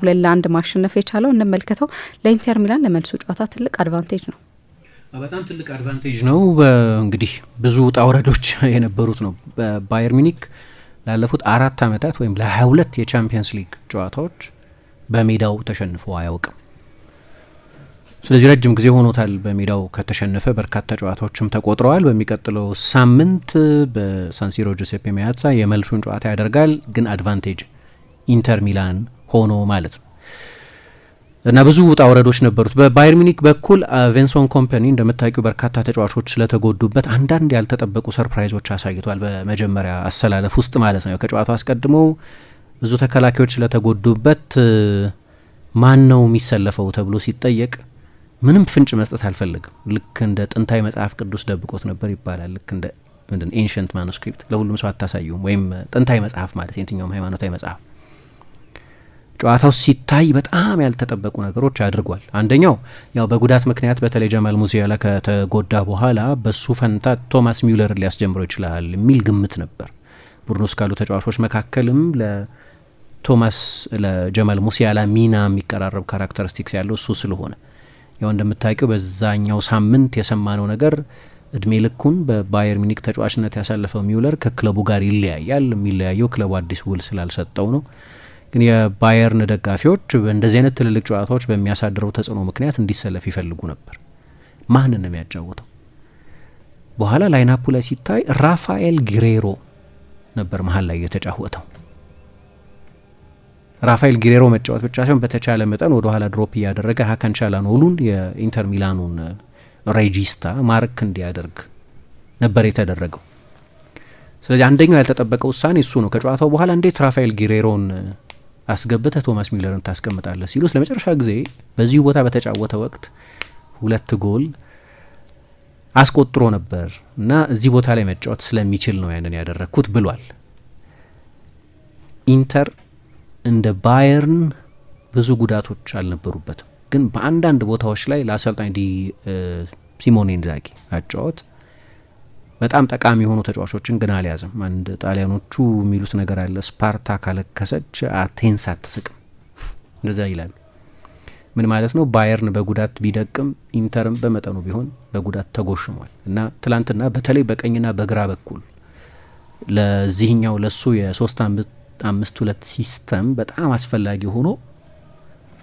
ሁለት ለአንድ ማሸነፍ የቻለው እንመልከተው። ለኢንተር ሚላን ለመልሱ ጨዋታ ትልቅ አድቫንቴጅ ነው። በጣም ትልቅ አድቫንቴጅ ነው። እንግዲህ ብዙ ውጣ ውረዶች የነበሩት ነው። ባየር ሚኒክ ላለፉት አራት ዓመታት ወይም ለ22 የቻምፒየንስ ሊግ ጨዋታዎች በሜዳው ተሸንፎ አያውቅም። ስለዚህ ረጅም ጊዜ ሆኖታል በሜዳው ከተሸነፈ። በርካታ ጨዋታዎችም ተቆጥረዋል። በሚቀጥለው ሳምንት በሳንሲሮ ጁሴፔ ሜአዛ የመልሱን ጨዋታ ያደርጋል። ግን አድቫንቴጅ ኢንተር ሚላን ሆኖ ማለት ነው እና ብዙ ውጣ ውረዶች ነበሩት። በባየር ሚኒክ በኩል ቬንሶን ኮምፓኒ እንደምታውቂው በርካታ ተጫዋቾች ስለተጎዱበት አንዳንድ ያልተጠበቁ ሰርፕራይዞች አሳይቷል። በመጀመሪያ አሰላለፍ ውስጥ ማለት ነው። ከጨዋታው አስቀድሞ ብዙ ተከላካዮች ስለተጎዱበት ማን ነው የሚሰለፈው ተብሎ ሲጠየቅ ምንም ፍንጭ መስጠት አልፈልግም። ልክ እንደ ጥንታዊ መጽሐፍ ቅዱስ ደብቆት ነበር ይባላል። ልክ እንደ ምንድን ኤንሽንት ማኑስክሪፕት ለሁሉም ሰው አታሳዩም፣ ወይም ጥንታዊ መጽሐፍ ማለት የትኛውም ሃይማኖታዊ መጽሐፍ ጨዋታው ሲታይ በጣም ያልተጠበቁ ነገሮች አድርጓል። አንደኛው ያው በጉዳት ምክንያት በተለይ ጀማል ሙሲያላ ከተጎዳ በኋላ በሱ ፈንታ ቶማስ ሚውለር ሊያስጀምረው ይችላል የሚል ግምት ነበር። ቡድኑ ውስጥ ካሉ ተጫዋቾች መካከልም ለቶማስ ለጀማል ሙሲያላ ሚና የሚቀራረብ ካራክተሪስቲክስ ያለው እሱ ስለሆነ ያው እንደምታውቂው በዛኛው ሳምንት የሰማነው ነገር እድሜ ልኩን በባየር ሚኒክ ተጫዋችነት ያሳለፈው ሚውለር ከክለቡ ጋር ይለያያል። የሚለያየው ክለቡ አዲስ ውል ስላልሰጠው ነው። ግን የባየርን ደጋፊዎች እንደዚህ አይነት ትልልቅ ጨዋታዎች በሚያሳድረው ተጽዕኖ ምክንያት እንዲሰለፍ ይፈልጉ ነበር። ማንን ነው የሚያጫወተው? በኋላ ላይናፑ ላይ ሲታይ ራፋኤል ጊሬሮ ነበር መሀል ላይ የተጫወተው። ራፋኤል ጊሬሮ መጫወት ብቻ ሳይሆን በተቻለ መጠን ወደ ኋላ ድሮፕ እያደረገ ሀካን ቻላኖሉን የኢንተር ሚላኑን ሬጂስታ ማርክ እንዲያደርግ ነበር የተደረገው። ስለዚህ አንደኛው ያልተጠበቀ ውሳኔ እሱ ነው። ከጨዋታው በኋላ እንዴት ራፋኤል ጊሬሮን አስገብተህ ቶማስ ሚለርን ታስቀምጣለህ ሲሉት ለመጨረሻ ጊዜ በዚሁ ቦታ በተጫወተ ወቅት ሁለት ጎል አስቆጥሮ ነበር እና እዚህ ቦታ ላይ መጫወት ስለሚችል ነው ያንን ያደረግኩት ብሏል። ኢንተር እንደ ባየርን ብዙ ጉዳቶች አልነበሩበትም፣ ግን በአንዳንድ ቦታዎች ላይ ለአሰልጣኝ ዲ ሲሞኔ ኢንዛጊ አጫወት በጣም ጠቃሚ የሆኑ ተጫዋቾችን ግን አልያዝም። አንድ ጣሊያኖቹ የሚሉት ነገር አለ፣ ስፓርታ ካለከሰች አቴንስ አትስቅም። እንደዛ ይላሉ። ምን ማለት ነው? ባየርን በጉዳት ቢደቅም ኢንተርም በመጠኑ ቢሆን በጉዳት ተጎሽሟል እና ትላንትና በተለይ በቀኝና በግራ በኩል ለዚህኛው ለሱ የሶስት አምስት ሁለት ሲስተም በጣም አስፈላጊ ሆኖ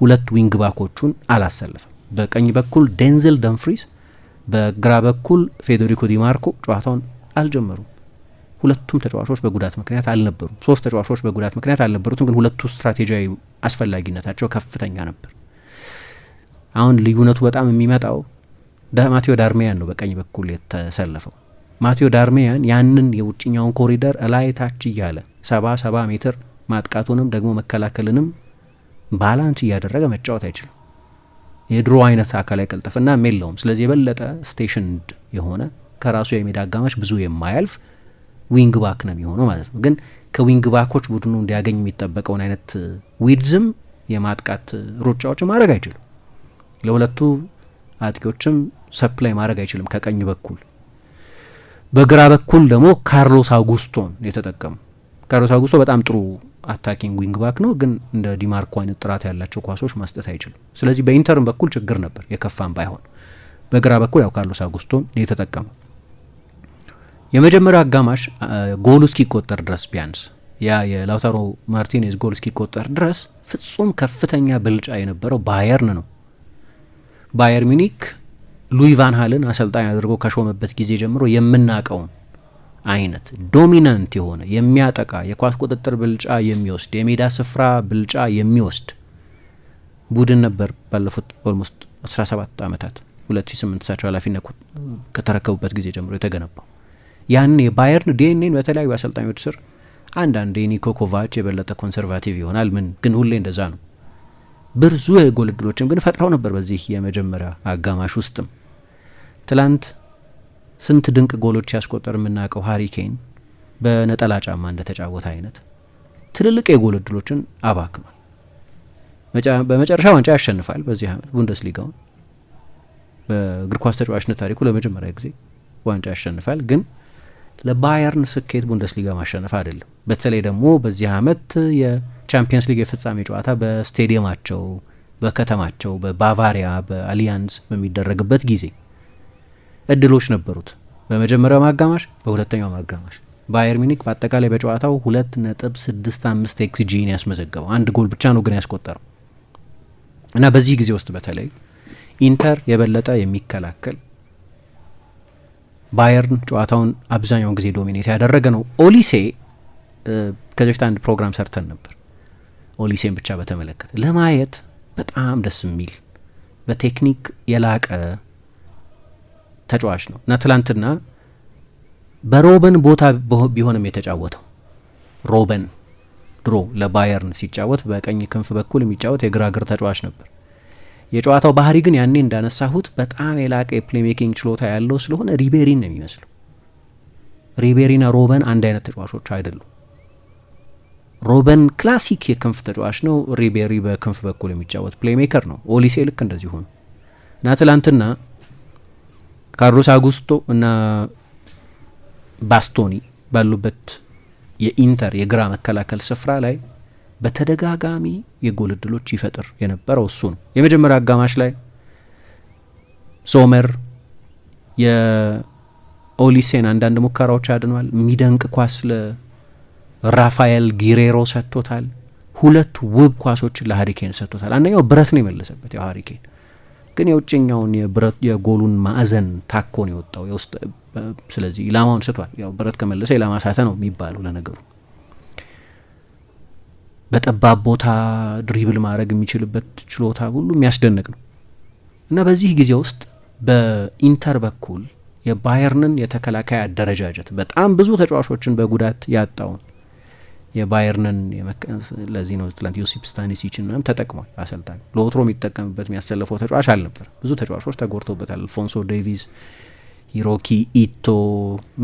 ሁለት ዊንግ ባኮቹን አላሰለፈም። በቀኝ በኩል ዴንዝል ደንፍሪስ በግራ በኩል ፌዴሪኮ ዲማርኮ ጨዋታውን አልጀመሩም። ሁለቱም ተጫዋቾች በጉዳት ምክንያት አልነበሩም። ሶስት ተጫዋቾች በጉዳት ምክንያት አልነበሩትም፣ ግን ሁለቱ ስትራቴጂያዊ አስፈላጊነታቸው ከፍተኛ ነበር። አሁን ልዩነቱ በጣም የሚመጣው ማቴዎ ዳርሜያን ነው በቀኝ በኩል የተሰለፈው። ማቴዎ ዳርሜያን ያንን የውጭኛውን ኮሪደር እላይ ታች እያለ ሰባ ሰባ ሜትር ማጥቃቱንም ደግሞ መከላከልንም ባላንስ እያደረገ መጫወት አይችልም። የድሮ አይነት አካላዊ ቅልጥፍናም የለውም። ስለዚህ የበለጠ ስቴሽንድ የሆነ ከራሱ የሜዳ አጋማሽ ብዙ የማያልፍ ዊንግ ባክ ነው የሚሆነው ማለት ነው። ግን ከዊንግ ባኮች ቡድኑ እንዲያገኝ የሚጠበቀውን አይነት ዊድዝም የማጥቃት ሩጫዎች ማድረግ አይችሉም። ለሁለቱ አጥቂዎችም ሰፕላይ ማድረግ አይችልም። ከቀኝ በኩል በግራ በኩል ደግሞ ካርሎስ አውጉስቶን የተጠቀሙ ካርሎስ አውጉስቶ በጣም ጥሩ አታኪንግ ዊንግ ባክ ነው፣ ግን እንደ ዲማርኮ አይነት ጥራት ያላቸው ኳሶች ማስጠት አይችልም። ስለዚህ በኢንተርም በኩል ችግር ነበር፣ የከፋም ባይሆን በግራ በኩል ያው ካርሎስ አጉስቶን የተጠቀመው የመጀመሪያው አጋማሽ ጎሉ እስኪቆጠር ድረስ ቢያንስ ያ የላውታሮ ማርቲኔዝ ጎል እስኪቆጠር ድረስ ፍጹም ከፍተኛ ብልጫ የነበረው ባየርን ነው። ባየር ሚኒክ ሉዊ ቫን ሃልን አሰልጣኝ አድርጎ ከሾመበት ጊዜ ጀምሮ የምናውቀውን አይነት ዶሚናንት የሆነ የሚያጠቃ የኳስ ቁጥጥር ብልጫ የሚወስድ የሜዳ ስፍራ ብልጫ የሚወስድ ቡድን ነበር ባለፉት ኦልሞስት 17 ዓመታት 2008 እሳቸው ኃላፊነት ከተረከቡበት ጊዜ ጀምሮ የተገነባው ያንን የባየርን ዲኤንኤን በተለያዩ አሰልጣኞች ስር አንድ የኒኮ ኮቫች የበለጠ ኮንሰርቫቲቭ ይሆናል፣ ምን ግን ሁሌ እንደዛ ነው። ብዙ የጎል እድሎችም ግን ፈጥረው ነበር በዚህ የመጀመሪያ አጋማሽ ውስጥም። ትላንት ስንት ድንቅ ጎሎች ሲያስቆጠር የምናውቀው ሀሪኬን በነጠላ ጫማ እንደተጫወተ አይነት ትልልቅ የጎል እድሎችን አባክኗል። በመጨረሻ ዋንጫ ያሸንፋል። በዚህ ዓመት ቡንደስሊጋውን በእግር ኳስ ተጫዋችነት ታሪኩ ለመጀመሪያ ጊዜ ዋንጫ ያሸንፋል። ግን ለባየርን ስኬት ቡንደስሊጋ ማሸነፍ አይደለም። በተለይ ደግሞ በዚህ ዓመት የቻምፒየንስ ሊግ የፍጻሜ ጨዋታ በስቴዲየማቸው በከተማቸው በባቫሪያ በአሊያንስ በሚደረግበት ጊዜ እድሎች ነበሩት በመጀመሪያው ማጋማሽ፣ በሁለተኛው ማጋማሽ ባየር ሚኒክ በአጠቃላይ በጨዋታው ሁለት ነጥብ ስድስት አምስት ኤክስጂን ያስመዘገበው አንድ ጎል ብቻ ነው ግን ያስቆጠረው እና በዚህ ጊዜ ውስጥ በተለይ ኢንተር የበለጠ የሚከላከል ባየርን ጨዋታውን አብዛኛውን ጊዜ ዶሚኔት ያደረገ ነው። ኦሊሴ ከዚህ በፊት አንድ ፕሮግራም ሰርተን ነበር፣ ኦሊሴን ብቻ በተመለከተ ለማየት በጣም ደስ የሚል በቴክኒክ የላቀ ተጫዋች ነው እና ትላንትና በሮበን ቦታ ቢሆንም የተጫወተው ሮበን ድሮ ለባየርን ሲጫወት በቀኝ ክንፍ በኩል የሚጫወት የግራግር ተጫዋች ነበር። የጨዋታው ባህሪ ግን ያኔ እንዳነሳሁት በጣም የላቀ የፕሌሜኪንግ ችሎታ ያለው ስለሆነ ሪቤሪን ነው የሚመስለው። ሪቤሪና ሮበን አንድ አይነት ተጫዋቾች አይደሉም። ሮበን ክላሲክ የክንፍ ተጫዋች ነው። ሪቤሪ በክንፍ በኩል የሚጫወት ፕሌሜከር ነው። ኦሊሴ ልክ እንደዚሁ ነው እና ትላንትና ካርሎስ አጉስቶ እና ባስቶኒ ባሉበት የኢንተር የግራ መከላከል ስፍራ ላይ በተደጋጋሚ የጎል እድሎች ይፈጥር የነበረው እሱ ነው። የመጀመሪያ አጋማሽ ላይ ሶመር የኦሊሴን አንዳንድ ሙከራዎች አድኗል። የሚደንቅ ኳስ ለራፋኤል ጊሬሮ ሰጥቶታል። ሁለት ውብ ኳሶችን ለሀሪኬን ሰጥቶታል። አንደኛው ብረት ነው የመለሰበት ያው ሀሪኬን ግን የውጭኛውን የብረት የጎሉን ማዕዘን ታኮ ነው የወጣው የውስጥ ስለዚህ ኢላማውን ስቷል። ያው ብረት ከመለሰ ኢላማ ሳተ ነው የሚባለው። ለነገሩ በጠባብ ቦታ ድሪብል ማድረግ የሚችልበት ችሎታ ሁሉ የሚያስደንቅ ነው እና በዚህ ጊዜ ውስጥ በኢንተር በኩል የባየርንን የተከላካይ አደረጃጀት በጣም ብዙ ተጫዋቾችን በጉዳት ያጣውን የባየርንን ለዚህ ነው ትላንት ዮሲፕ ስታኒሲችን ምናምን ተጠቅሟል አሰልጣኝ። ለወትሮ የሚጠቀምበት የሚያሰልፈው ተጫዋች አልነበር። ብዙ ተጫዋቾች ተጎድተውበታል። አልፎንሶ ዴቪስ፣ ሂሮኪ ኢቶ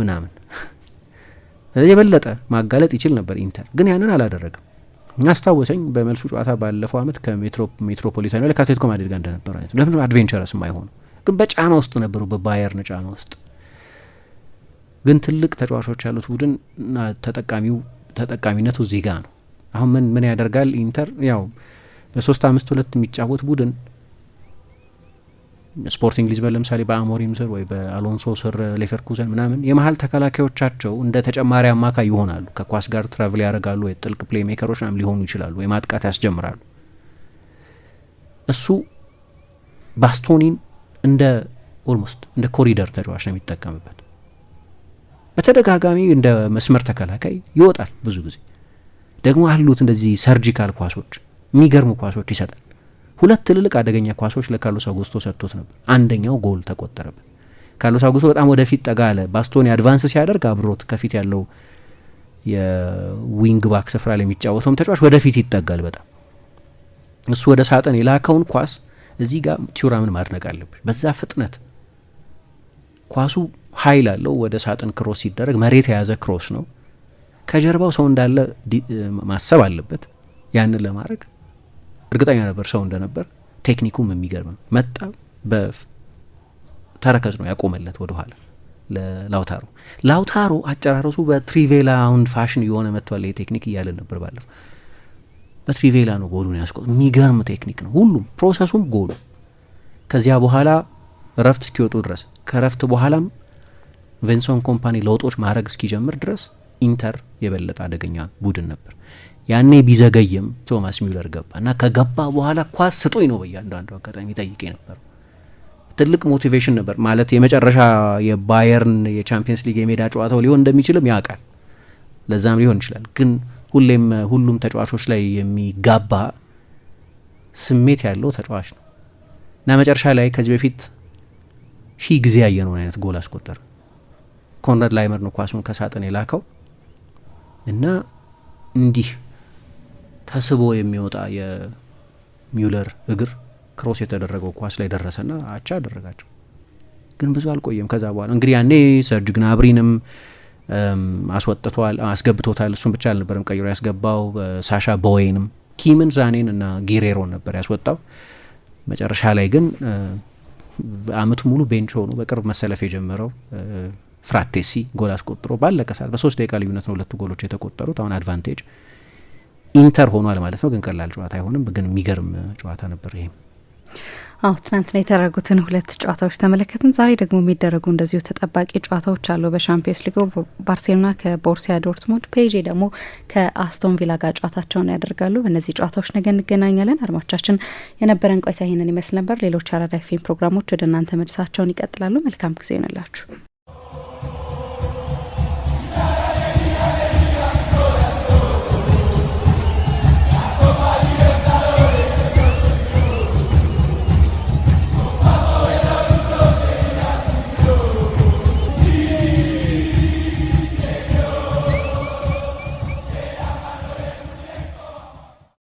ምናምን የበለጠ ማጋለጥ ይችል ነበር። ኢንተር ግን ያንን አላደረግም። ያስታወሰኝ በመልሱ ጨዋታ ባለፈው አመት ከሜትሮፖሊታን ላይ ከአትሌቲኮ ማድሪድ ጋር እንደነበረ አይነት ለምን አድቬንቸረስ የማይሆኑ ግን በጫና ውስጥ ነበሩ፣ በባየርን ጫና ውስጥ ግን ትልቅ ተጫዋቾች ያሉት ቡድን ተጠቃሚው ተጠቃሚነቱ እዚህ ጋር ነው። አሁን ምን ምን ያደርጋል ኢንተር ያው በሶስት አምስት ሁለት የሚጫወት ቡድን ስፖርቲንግ ሊዝበን ለምሳሌ በአሞሪም ስር ወይ በአሎንሶ ስር ሌቨርኩዘን ምናምን የመሀል ተከላካዮቻቸው እንደ ተጨማሪ አማካይ ይሆናሉ። ከኳስ ጋር ትራቭል ያደርጋሉ፣ ወይ ጥልቅ ፕሌ ሜከሮች ናም ሊሆኑ ይችላሉ፣ ወይ ማጥቃት ያስጀምራሉ። እሱ ባስቶኒን እንደ ኦልሞስት እንደ ኮሪደር ተጫዋች ነው የሚጠቀምበት። በተደጋጋሚ እንደ መስመር ተከላካይ ይወጣል። ብዙ ጊዜ ደግሞ አሉት እንደዚህ ሰርጂካል ኳሶች፣ የሚገርሙ ኳሶች ይሰጣል። ሁለት ትልልቅ አደገኛ ኳሶች ለካርሎስ አጉስቶ ሰጥቶት ነበር። አንደኛው ጎል ተቆጠረበት። ካርሎስ አጉስቶ በጣም ወደፊት ጠጋ አለ። ባስቶኒ አድቫንስ ሲያደርግ አብሮት ከፊት ያለው የዊንግ ባክ ስፍራ ላይ የሚጫወተውም ተጫዋች ወደፊት ይጠጋል። በጣም እሱ ወደ ሳጥን የላከውን ኳስ እዚህ ጋር ቱራምን ማድነቅ አለብሽ። በዛ ፍጥነት ኳሱ ኃይል አለው። ወደ ሳጥን ክሮስ ሲደረግ መሬት የያዘ ክሮስ ነው። ከጀርባው ሰው እንዳለ ማሰብ አለበት። ያንን ለማድረግ እርግጠኛ ነበር ሰው እንደነበር። ቴክኒኩም የሚገርም ነው። መጣ፣ በተረከዝ ነው ያቆመለት ወደኋላ ለላውታሮ። ላውታሮ አጨራረሱ አሁን ፋሽን የሆነ መጥቷል። ቴክኒክ እያለን ነበር ባለፈው። በትሪቬላ ነው ጎሉን ያስቆጥ። የሚገርም ቴክኒክ ነው ሁሉም ፕሮሰሱም፣ ጎሉ ከዚያ በኋላ እረፍት እስኪወጡ ድረስ ከእረፍት በኋላም ቬንሶን ኮምፓኒ ለውጦች ማድረግ እስኪጀምር ድረስ ኢንተር የበለጠ አደገኛ ቡድን ነበር። ያኔ ቢዘገይም ቶማስ ሚውለር ገባ እና ከገባ በኋላ ኳስ ስጦኝ ነው በእያንዳንዱ አጋጣሚ ጠይቄ ነበር። ትልቅ ሞቲቬሽን ነበር ማለት የመጨረሻ የባየርን የቻምፒየንስ ሊግ የሜዳ ጨዋታው ሊሆን እንደሚችልም ያውቃል። ለዛም ሊሆን ይችላል። ግን ሁሌም ሁሉም ተጫዋቾች ላይ የሚጋባ ስሜት ያለው ተጫዋች ነው እና መጨረሻ ላይ ከዚህ በፊት ሺህ ጊዜ ያየነውን አይነት ጎል አስቆጠረ። ኮንራድ ላይመር ነው ኳሱን ከሳጥን የላከው እና እንዲህ ተስቦ የሚወጣ የሚውለር እግር ክሮስ የተደረገው ኳስ ላይ ደረሰና አቻ አደረጋቸው። ግን ብዙ አልቆየም። ከዛ በኋላ እንግዲህ ያኔ ሰርጅ ግናብሪንም አስወጥቷል፣ አስገብቶታል። እሱም ብቻ አልነበረም ቀይሮ ያስገባው ሳሻ ቦዌንም፣ ኪምን፣ ዛኔን እና ጌሬሮን ነበር ያስወጣው። መጨረሻ ላይ ግን አመቱ ሙሉ ቤንች ሆኖ በቅርብ መሰለፍ የጀመረው ፍራቴሲ ጎል አስቆጥሮ ባለቀ ሰዓት በሶስት ደቂቃ ልዩነት ነው ሁለቱ ጎሎች የተቆጠሩት። አሁን አድቫንቴጅ ኢንተር ሆኗል ማለት ነው። ግን ቀላል ጨዋታ አይሆንም። ግን የሚገርም ጨዋታ ነበር ይሄም። አዎ ትናንትና የተደረጉትን ሁለት ጨዋታዎች ተመለከትን። ዛሬ ደግሞ የሚደረጉ እንደዚሁ ተጠባቂ ጨዋታዎች አሉ። በሻምፒዮንስ ሊግ ባርሴሎና ከቦርሲያ ዶርትሙንድ፣ ፔጄ ደግሞ ከአስቶን ቪላ ጋር ጨዋታቸውን ያደርጋሉ። በእነዚህ ጨዋታዎች ነገ እንገናኛለን። አድማቻችን የነበረን ቆይታ ይህንን ይመስል ነበር። ሌሎች አራዳ ኤፍ ኤም ፕሮግራሞች ወደ እናንተ መድሳቸውን ይቀጥላሉ። መልካም ጊዜ ይሆንላችሁ።